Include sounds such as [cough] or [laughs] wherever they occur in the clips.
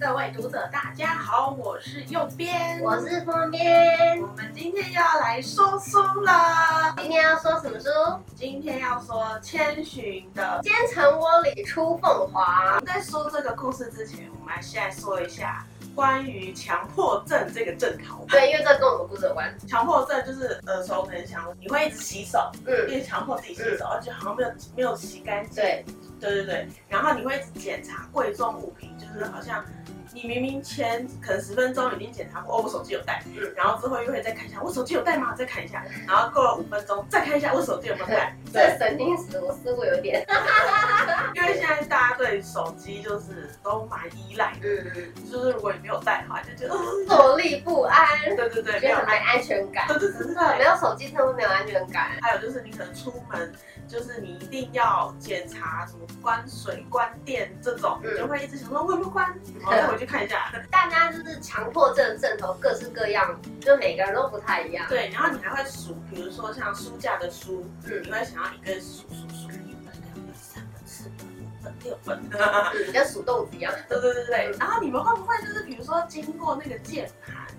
各位讀者，大家好，我是右邊，我是左邊，我們今天又要來說書了。今天要說什麼書？今天要說千尋的《奸臣窩裡出鳳凰》。在說這個故事之前，我們先來說一下關於強迫症這個症狀。對，因為這跟我們故事有關。強迫症就是耳熟能詳，你會一直洗手，嗯，一直強迫自己洗手，嗯、而且好像沒有沒有洗乾淨。對，對對對。然後你會一直檢查貴重物品，就是好像。你明明前可能十分鐘已經檢查過，哦，我手機有帶。嗯，然後之後又會再看一下，我手機有帶嗎？再看一下，然後過了五分鐘再看一下，我手機有沒有帶？對，神經死，我似乎有點。哈哈哈！因為現在大家對手機就是都蠻依賴的。嗯嗯嗯。就是如果你沒有帶的話，就覺得坐立不安。對對對。沒有安全感。對對對。沒有手機他們沒有安全感。還有就是你可能出門，就是你一定要檢查什麼關水關電這種，就會一直想說，我不關？去看一下，大家就是強迫症的症頭各式各樣，就每個人都不太一樣。對，然後你還會數，比如說像書架的書，嗯，你會想要你一個數數數，一本兩本三本四本五本六本，跟數豆子一樣。 [laughs] 啊、對對對對。嗯、然後你們會不會就是比如說經過那個鍵盤？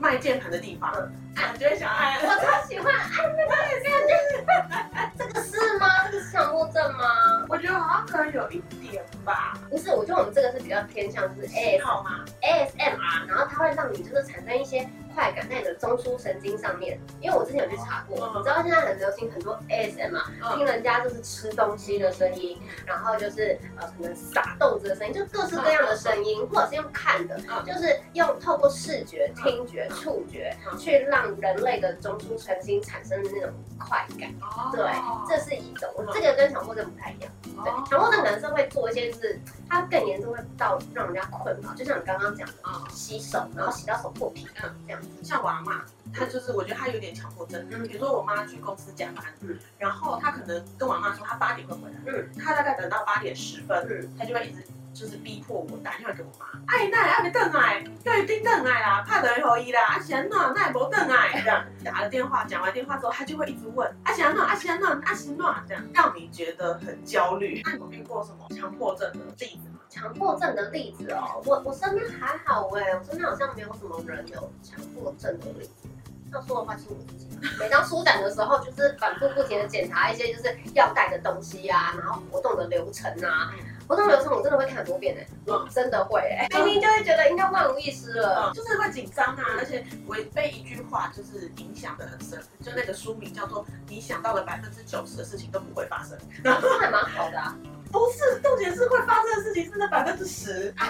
賣鍵盤的地方，哎，就是小愛，我超喜歡愛那個，這個就是嗎，這個是嗎？這個是強迫症嗎？我覺得好像可能有一點吧。不是，我覺得我們這個是比較偏向是 AS 啊，ASMR 啊，然後它會讓你就是產生一些。快感在你的中樞神經上面，因為我之前有去查過，你知道現在很流行很多 S M 嘛、啊，聽人家就是吃東西的聲音，然後就是呃可能撒豆子的聲音，就各式各樣的聲音，啊啊啊、或者是用看的，啊、就是用透過視覺、啊、聽覺、觸、啊、覺、啊、去讓人類的中樞神經產生的那種快感。對，啊、這是一種，這個跟強迫症不太一樣。對，強迫症男生會做一些事，他更嚴重會到讓人家困擾，就像你剛剛講的、啊、洗手，然後洗到手破皮這樣。像我阿媽，她就是我覺得她有點強迫症、啊。嗯。比如說我媽去公司加班，嗯，然後她可能跟我阿嬤說她八點會回來，嗯，她大概等到八點十分，嗯，她就會一直就是逼迫我打電話給我媽，愛奶愛沒燉奶，對、啊，已經燉奶啦，怕等於合一啦，阿奇諾奶沒鄧奶，這樣打了電話，講完電話之後，她就會一直問，阿奇諾阿奇諾阿奇諾，這樣讓你覺得很焦慮。那你有沒有過什麼強迫症的例子？強迫症的例子哦、喔，我我身邊還好哎，我身邊好、欸、好像沒有什麼人有強迫症的例子、欸。要說的話是我自己，每當書展的時候，就是反覆不停的檢查一些就是要帶的東西啊，然後活動的流程啊，活動流程我真的會看很多遍哎，真的會哎、欸，明明、嗯、就會覺得應該萬無一失了、嗯，就是會緊張啊，而且我被一句話就是影響得很深，就那個書名叫做“你想到了百分之九十的事情都不會發生”，那 [laughs] 後、啊、還蠻好的、啊。不是，重點是會發生的事情是在百分之十。 [laughs]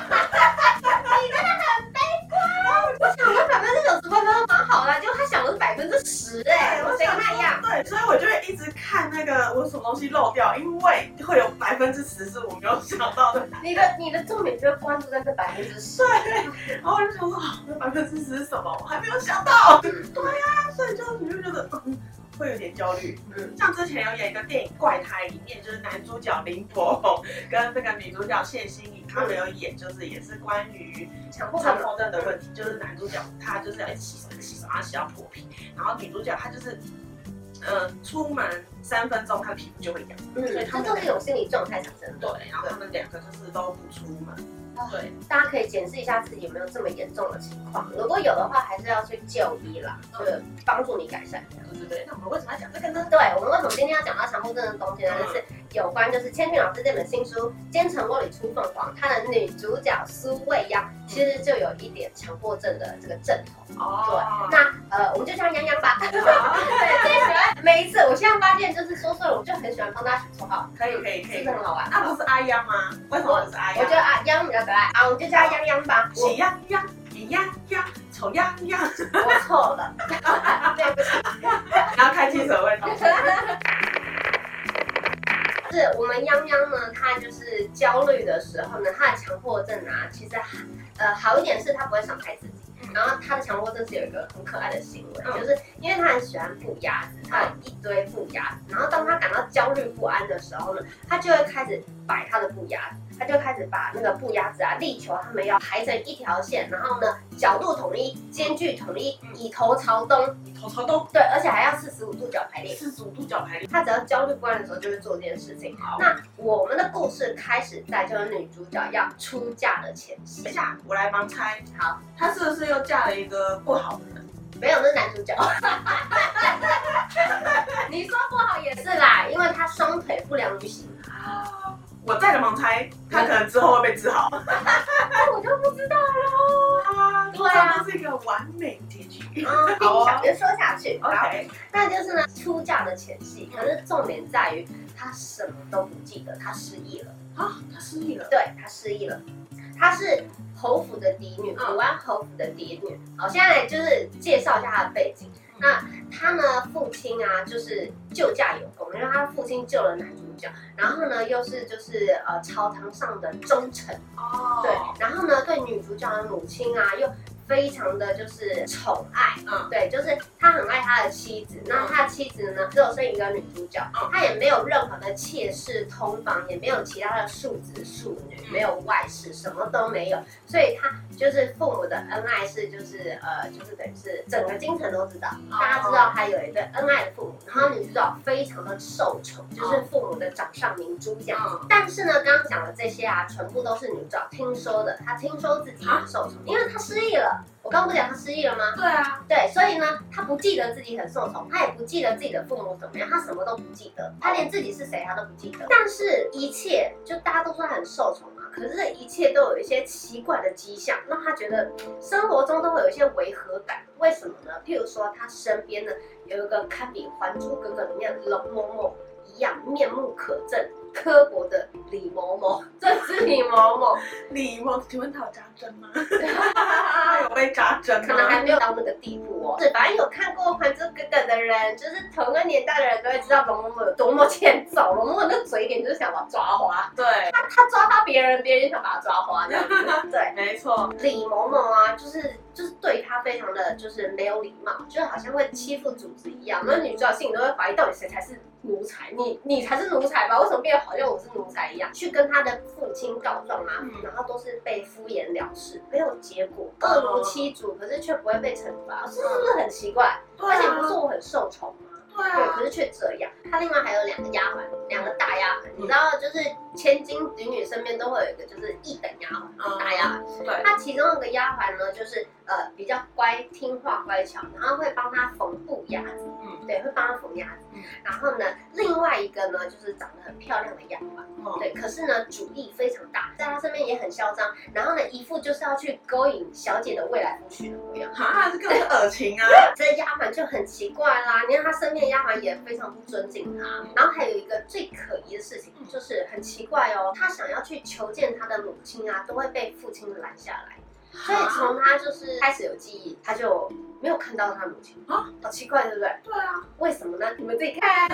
你真的很悲觀。哦、我想了百分之九十，分覺得蠻好了、啊，結果他想的是百分之十哎、欸，對我我想那樣？對，所以我就會一直看那個我什麼東西漏掉，因為會有百分之十是我沒有想到的。你的你的重點就關注在這百分之十，然後我就想說，好、哦，那百分之十是什麼？我還沒有想到。 [laughs] 對呀、啊，所以就你就覺得嗯。會有點焦慮，像之前有演一個電影怪胎《怪胎、嗯》，裡面就是男主角林柏宏跟這個女主角謝欣穎。他們有演，就是也是關於強迫症的問題，就是男主角他就是要洗手洗手，然後洗到破、啊、皮，然後女主角她就是，呃，出門三分鐘，她皮膚就會癢，所以、嗯、他就是一種心理狀態產生對，然後他們兩個就是都不出門。Oh, 對，大家可以檢視一下自己有沒有這麼嚴重的情況，如果有的話，還是要去就醫啦，就對幫助你改善一下。對對對，那我們為什麼要講這個呢？對我們為什麼今天要講到強迫症的東西呢？嗯、就是。有關就是千尋老師這本新書《奸臣窩裡出鳳凰》，他的女主角蘇未央其實就有一點強迫症的這個症頭。哦。對。那呃，我們就叫她央央吧、哦 [laughs] 對。對，最喜歡。每一次，我現在發現，就是說錯了，我就很喜歡幫她取綽號。可以可以可以，真、嗯、很好玩。那不是阿央嗎？為什麼是阿央？我覺得阿央比較可愛啊，我們就叫她央央吧。喜央央，喜央央，醜央央，泱泱我錯了。 [laughs] [laughs] 對不起。你要開記者會。 [laughs] 我們泱泱呢，他就是焦慮的時候呢，他的強迫症啊，其實，呃，好一點是他不會傷害自己。然後他的強迫症是有一個很可愛的行為，嗯、就是因為他很喜歡布鴨子，他一堆布鴨子，嗯、然後當他感到焦慮不安的時候呢，他就會開始擺他的布鴨子。他就開始把那個布鴨子啊、力球，他們要排成一條線，然後呢，角度統一，間距統一，嗯、以頭朝東，以頭朝東，對，而且還要四十五度角排列，四十五度角排列。他只要焦慮不安的時候，就會做這件事情。好，那我們的故事開始在就是女主角要出嫁的前夕，等一下我來盲猜，好，他是不是又嫁了一個不好的人？沒有，那是男主角。 [laughs] [laughs] 你說不好也是啦，因為他雙腿不良於行。哦我再來盲猜，他可能之後會被治好。嗯， [laughs] 我就不知道了啊！對啊，是一個完美的結局。嗯、好、哦，就說下去，OK。那就是呢，出嫁的前夕。可是重點在於，他什麼都不記得，他失憶了啊！他失憶了，對他失憶了。他是侯府的嫡女，武安侯府的嫡女。好，現在就是介紹一下他的背景。那他呢，父親啊，就是救駕有功，因為他父親救了男主角，然後呢，又是就是呃朝堂上的忠臣哦，oh. 對，然後呢，對女主角的母親啊，又，非常的就是寵愛啊，對，就是他很愛他的妻子，那他的妻子呢，只有生一個女主角，他也沒有任何的妾室通房，也沒有其他的庶子庶女，沒有外室，什麼都沒有，所以他就是父母的恩愛是就是呃就是等於是整個京城都知道，大家知道他有一對恩愛的父母，然後女主角非常的受寵，就是父母的掌上明珠這樣，但是呢，剛剛講的這些啊，全部都是女主角聽說的，她聽說自己很受寵，因為她失憶了。我剛剛不講他失憶了嗎？對啊，對，所以呢，他不記得自己很受寵，他也不記得自己的父母怎麼樣，他什麼都不記得，他連自己是誰他都不記得。但是一切就大家都說他很受寵嘛，可是這一切都有一些奇怪的跡象，讓他覺得生活中都會有一些違和感。為什麼呢？譬如說他身邊呢有一個堪比《還珠格格》裡面冷嬤嬤，隆隆隆隆樣面目可憎、刻薄的李某某，這是李某某。 [laughs] 李某某，你問他有扎針嗎？哈哈哈他有被扎針， [laughs] 可能還沒有到那個地步哦。 [laughs] 是，反正有看過《還珠格格》的人，就是同個年代的人都會知道李某某有多麼欠揍。李某某那嘴臉就是想把抓花。對，他他抓到。別人別人就想把他抓花這樣子，對，沒錯。李某某啊，就是就是對他非常的，就是沒有禮貌，就是好像會欺負主子一樣。那女主角心裡都會懷疑，到底誰才是奴才？你你才是奴才吧？為什麼變得好像我是奴才一樣，去跟他的父親告狀啊？然後都是被敷衍了事，沒有結果。惡奴欺主，可是卻不會被懲罰，是不是很奇怪？而且不是我很受寵。對,啊、對，可是卻這樣。他另外還有兩個丫鬟，兩個大丫鬟。嗯、你知道，就是千金子女身邊都會有一個，就是一等丫鬟，嗯、大丫鬟。嗯、對，她其中一個丫鬟呢，就是呃比較乖聽話乖巧，然後會幫她縫布丫子。嗯。對，會幫他縫鴨子，然後呢，另外一個呢就是長得很漂亮的丫鬟，對，可是呢，主意非常大，在他身邊也很囂張，然後呢，一副就是要去勾引小姐的未來夫婿的模樣，嗯、啊，這跟耳情啊，嗯、這丫鬟就很奇怪啦，你看他身邊的丫鬟也非常不尊敬他，然後還有一個最可疑的事情就是很奇怪哦，他想要去求見他的母親啊，都會被父親攔下來。所以從他就是開始有記憶，他就沒有看到他母親啊，蛤好奇怪，對不對？對啊，為什麼呢？你們自己看，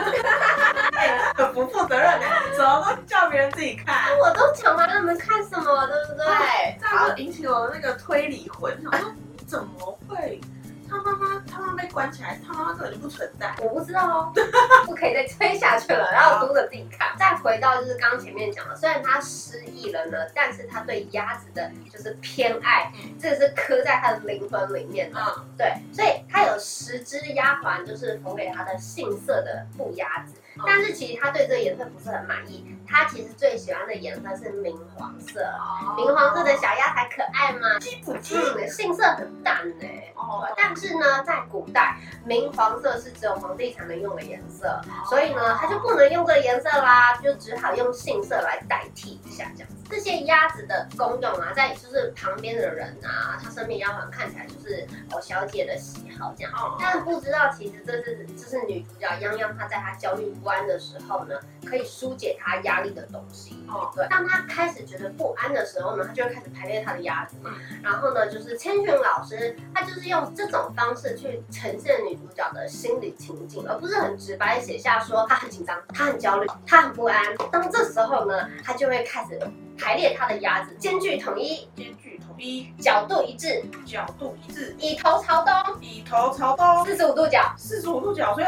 很 [laughs] 不負責任的 [laughs] 怎麼都叫別人自己看？啊、我都講了，你們看什麼，對不對？哦、這樣就引起我的那個推理魂，好嗯、怎麼會？他媽媽，他媽媽被關起來，他媽媽根本就不存在，我不知道哦。 [laughs] 不可以再吹下去了，然後讀者自己看。 [laughs] 再回到就是剛前面講的，雖然他失憶了呢，但是他對鴨子的就是偏愛，這、就是刻在他的靈魂裡面的。嗯、對，所以他有十隻鴨環，就是縫給他的杏色的布鴨子，嗯、但是其實他對這個顏色不是很滿意，他其實最喜歡的顏色是明黃色。哦、明黃色的小鴨還可愛嗎？不近、嗯，杏色很淡誒、欸。哦，但但是呢，在古代，明黃色是只有皇帝才能用的顏色，oh. 所以呢，他就不能用這個顏色啦，就只好用杏色來代替一下，這樣子。這些鴨子的功用啊，在就是旁邊的人啊，她身邊好像看起來就是哦小姐的喜好這樣哦，但不知道其實，這是這、就是女主角央央她在她焦慮不安的時候呢，可以疏解她壓力的東西哦。對，當她開始覺得不安的時候呢，她就會開始排列她的鴨子嘛。然後呢就是千尋老師，她就是用這種方式去呈現女主角的心理情景，而不是很直白寫下說她很緊張，她很焦慮，她很不安。當這時候呢，她就會開始。排列它的鴨子，間距統一，間距統一，角一，角度一致，角度一致，以頭朝東，以頭朝東，四十五度角，四十五度角。所以，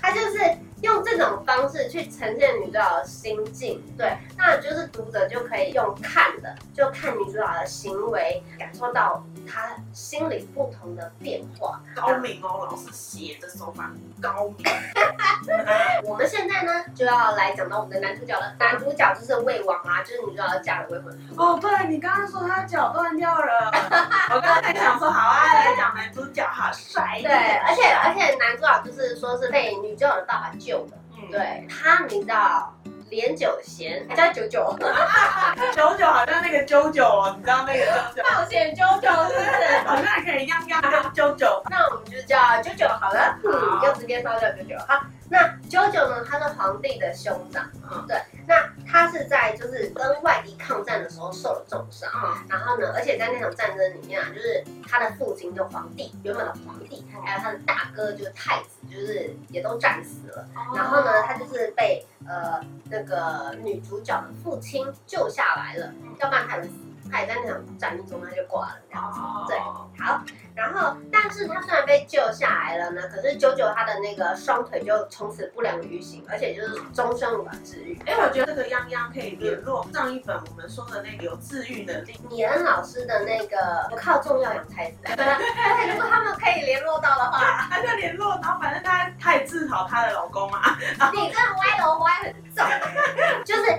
他就是用這種方式去呈現女主角的心境，對，那就是讀者就可以用看的，就看女主角的行為，感受到。他心理不同的變化，高明哦，老師寫的手法高明。 [laughs] 那我們現在呢就要來講到我們的男主角了，男主角就是衛王啊，嗯、就是女主角嫁的未婚。哦，對你剛剛說他腳斷掉了， [laughs] 我剛才想說好啊，來講男主角好帥。對，帥而且而且男主角就是說是被女主角的爸爸救的，嗯，對他，明知道。連九弦還叫九九、 [laughs] [laughs] 啊，九九好像那個九九哦，你知道那個九。冒險 [laughs] 九九是不是？ [laughs] 好像還可以一樣叫九九， [laughs] 那我們就叫九九好了，好嗯，就直接燒掉九九。好，那九九呢？他是皇帝的兄長，啊、嗯、對。那他是在就是跟外敵抗戰的時候受了重傷，嗯、然後呢，而且在那場戰爭裡面啊，就是他的父親，就皇帝，原本的皇帝，還有他的大哥，就是太子，就是也都戰死了。嗯、然後呢，他就是被。呃，那個女主角的父親救下來了，要不然他們。他也在那場戰役中，他就掛了。對，好，然後，但是他雖然被救下來了呢，可是九九他的那個雙腿就從此不良於行，而且就是終身無法治癒。哎、欸，我覺得這個泱泱可以聯絡上一本我們說的那個有治癒能力，米恩老師的那個“不靠中藥養太子”。對對，對，對，而且如果他們可以聯絡到的話，他就聯絡到，然後反正他他也治好他的老公啊。你這歪樓歪很重，對對對對就是。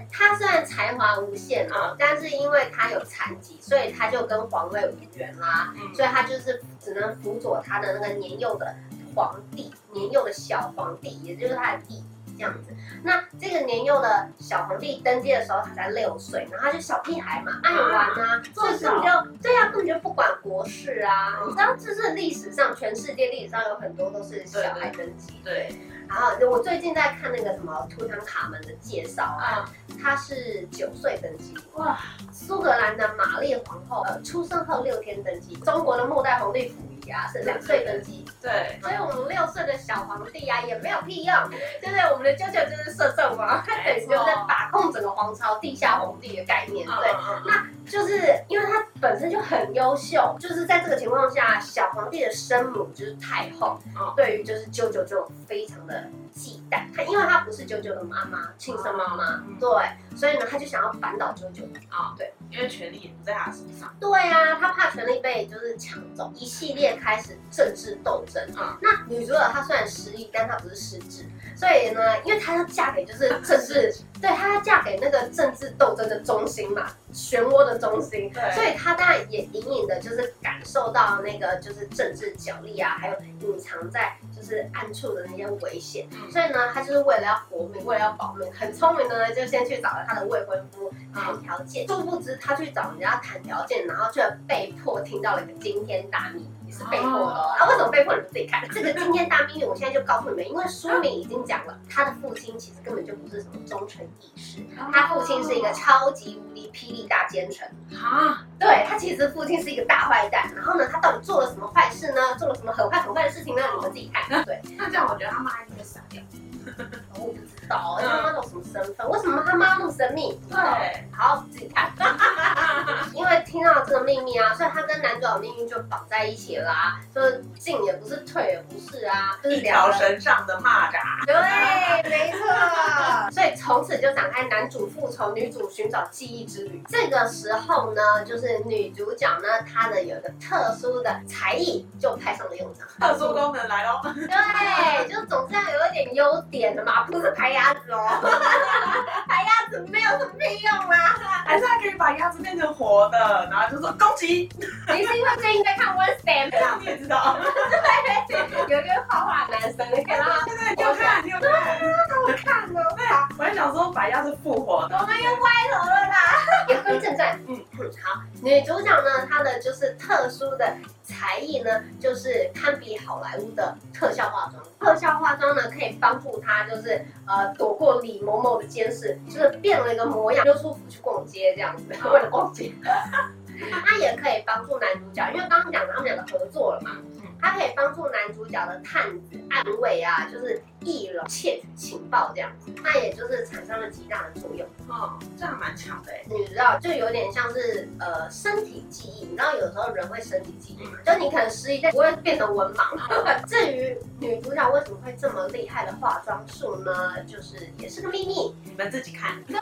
才華無限啊、哦，但是因為他有殘疾，所以他就跟皇位無緣啦、啊。所以他就是只能輔佐他的那個年幼的皇帝，年幼的小皇帝，也就是他的弟這樣子。那這個年幼的小皇帝登基的時候，他才六歲，然後他就小屁孩嘛，愛玩啊，啊所以根本就對啊，根本就不管國事啊。嗯、你知道，這是歷史上全世界歷史上有很多都是小孩登基對對對，對。然後我最近在看那個什麼圖坦卡門的介紹啊，他、嗯、是九歲登基，哇，蘇格蘭的瑪麗皇后呃出生後六天登基，中國的末代皇帝溥儀啊是兩歲登基，對，所以我們六歲的小皇帝啊也沒有屁用，不、嗯、對，對，對。我們，啊、我們的舅舅就是攝政王，等於、嗯、 [laughs] 就是在把控整個皇朝，地下皇帝的概念，嗯、對，嗯、那。就是因為他本身就很優秀，就是在這個情況下，小皇帝的生母就是太後，哦、對於就是舅舅就非常的忌憚，她因為她不是舅舅的媽媽，親生媽媽，對，所以呢，她就想要扳倒舅舅。啊、哦，對，因為權力也不在她身上，對呀、啊，她怕。權力被就是搶走，一系列開始政治鬥爭啊。嗯、那女主角她雖然失憶，但她不是失智。所以呢，因為她要嫁給就是政治，啊、對她要嫁給那個政治鬥爭的中心嘛，漩渦的中心。對，所以她當然也隱隱的就是感受到那個就是政治角力啊，還有隱藏在就是暗處的那些危險。嗯、所以呢，她就是為了要活命，為了要保命，很聰明的呢，就先去找了她的未婚夫談條件。嗯、殊不知她去找人家談條件，然後卻被。我聽到了一個驚天大祕密，是被迫的。那、oh. 啊、為什麼被迫？你們自己看。這個驚天大祕密，我現在就告訴你們，因為書名已經講了，他的父親其實根本就不是什麼忠臣義士，oh. 他父親是一個超級無敵霹靂大奸臣。啊、oh.，對他其實父親是一個大壞蛋。然後呢，他到底做了什麼壞事呢？做了什麼很壞很壞的事情呢？你們自己看。對，那這樣我覺得他媽應該傻掉。為、嗯、他媽媽什麼身份？為什麼他媽那麼神秘？對，好，自己看 [laughs] 因為聽到這個秘密啊，所以他跟男主角的命運就綁在一起啦、啊，就是進也不是，退也不是啊，就是、一條繩上的螞蚱，對，沒錯。 [laughs] 所以從此就展開男主復仇、女主尋找記憶之旅。這個時候呢，就是女主角呢，她的有一個特殊的才藝就派上了用場，特殊功能來嘍、哦。對，就總是要有一點優點的嘛，不是？排。鴨子哦，把鴨子沒有什麼屁用啊，還是還可以把鴨子變成活的，然後就說攻擊。你是因為最近在看我的《One Step》，你也知道， [laughs] 對，有一個畫畫男生，你看到嗎？對，對對，好我看，我看對對、啊，好看哦。對啊，我還想說把鴨子復活的，的我們又歪頭了啦，言歸正傳。好，女主角呢，她的就是特殊的才藝呢，就是堪比好萊塢的特效化妝。特效化妝呢，可以幫助她，就是呃，躲過李某某的監視，就是變了一個模樣，溜出府去逛街這樣子。為了逛街，後 [laughs] 她也可以幫助男主角，因為剛剛講了他們兩個合作了嘛，她可以幫助男主角的探子暗衛啊，就是。易容竊取情報這樣子，那也就是產生了極大的作用。哦，這樣蠻強的。你知道，就有點像是呃身體記憶，你知道有時候人會身體記憶嘛，嗯、就你可能失憶，但不會變得文盲。嗯、至於女主角為什麼會這麼厲害的化妝術呢？就是也是個秘密，你們自己看。對，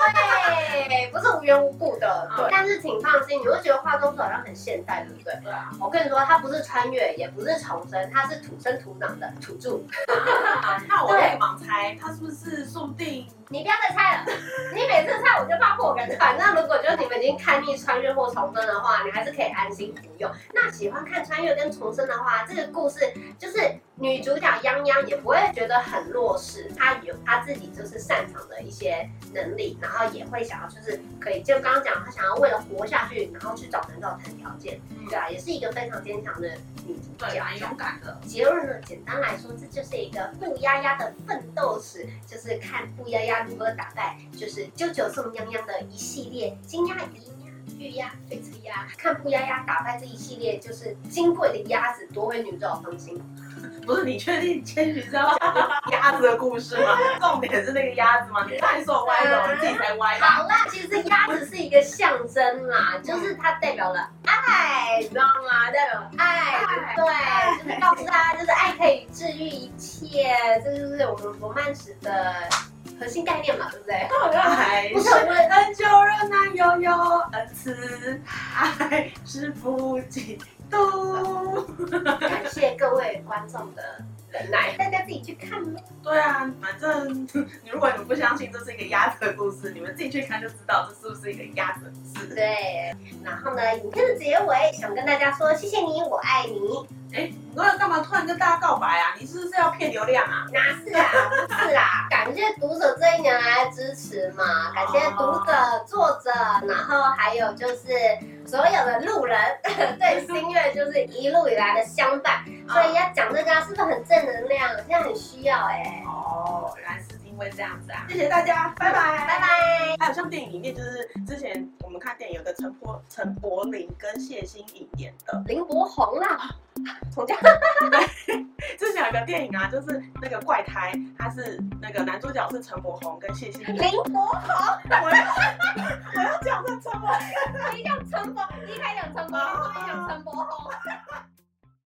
不是無緣無故的。哦、對，但是挺放心。你會覺得化妝術好像很現代，對不對？對啊、我跟你說，她不是穿越，也不是重生，她是土生土長的土著。那我、啊。 [laughs] 對，盲猜他是不是宿敵？你不要再猜了， [laughs] 你每次猜我就怕破梗。反正如果就是你們已經看膩穿越或重生的話，你還是可以安心服用。那喜歡看穿越跟重生的話，這個故事就是。女主角泱泱也不會覺得很弱勢，她有她自己就是擅長的一些能力，然後也會想要就是可以，就剛剛講她想要為了活下去，然後去找男教談條件，嗯、對啊，也是一個非常堅強的女主角，勇敢的。想結論呢，簡單來說，這就是一個布丫丫的奮鬥史，就是看布丫丫如何打敗就是舅舅宋泱泱的一系列金鴨、銀鴨、玉鴨、翡翠鴨，看布丫丫打敗這一系列就是金貴的鴨子，奪回女主角的芳心。不是，你確定千尋知道鴨子的故事嗎？重點是那個鴨子嗎？你太受歪了，你、啊、自己才歪。好啦，其實鴨子是一個象徵啦，就是它代表了愛，你知道嗎？代表愛，愛對，就是告訴大家，就是愛可以治癒一切，這就是我們羅曼史的。核心概念嘛，對不對？愛是恆久忍耐，又有恩慈、 [noise] 嗯、愛是不嫉妒。感謝各位觀眾的。來，大家自己去看嘍。對啊，反正你如果你們不相信這是一個鴨子的故事，你們自己去看就知道這是不是一個鴨子故事？對，然後呢，影片的結尾想跟大家說，謝謝你，我愛你。哎，你幹嘛突然跟大家告白啊？你是不是要騙流量啊？哪是啊，不是啦， [laughs] 感謝讀者這一年來的支持嘛，感謝讀者、哦、作者，然後還有就是所有的路人對新月就是一路以來的相伴。 [laughs] 所以要講這個是不是很正能量？現在很需要哎。哦，原來是因為這樣子啊！謝謝大家，拜拜，拜拜。還有像電影裡面，就是之前我們看電影，有個陳柏陳柏霖跟謝欣穎演的林柏宏啦，從家。之前有個電影啊，就是那個怪胎，他是那個男主角是陳柏宏跟謝欣林柏宏，我要我要講陳柏，一定要陳柏一拍兩成柏，兩陳柏宏。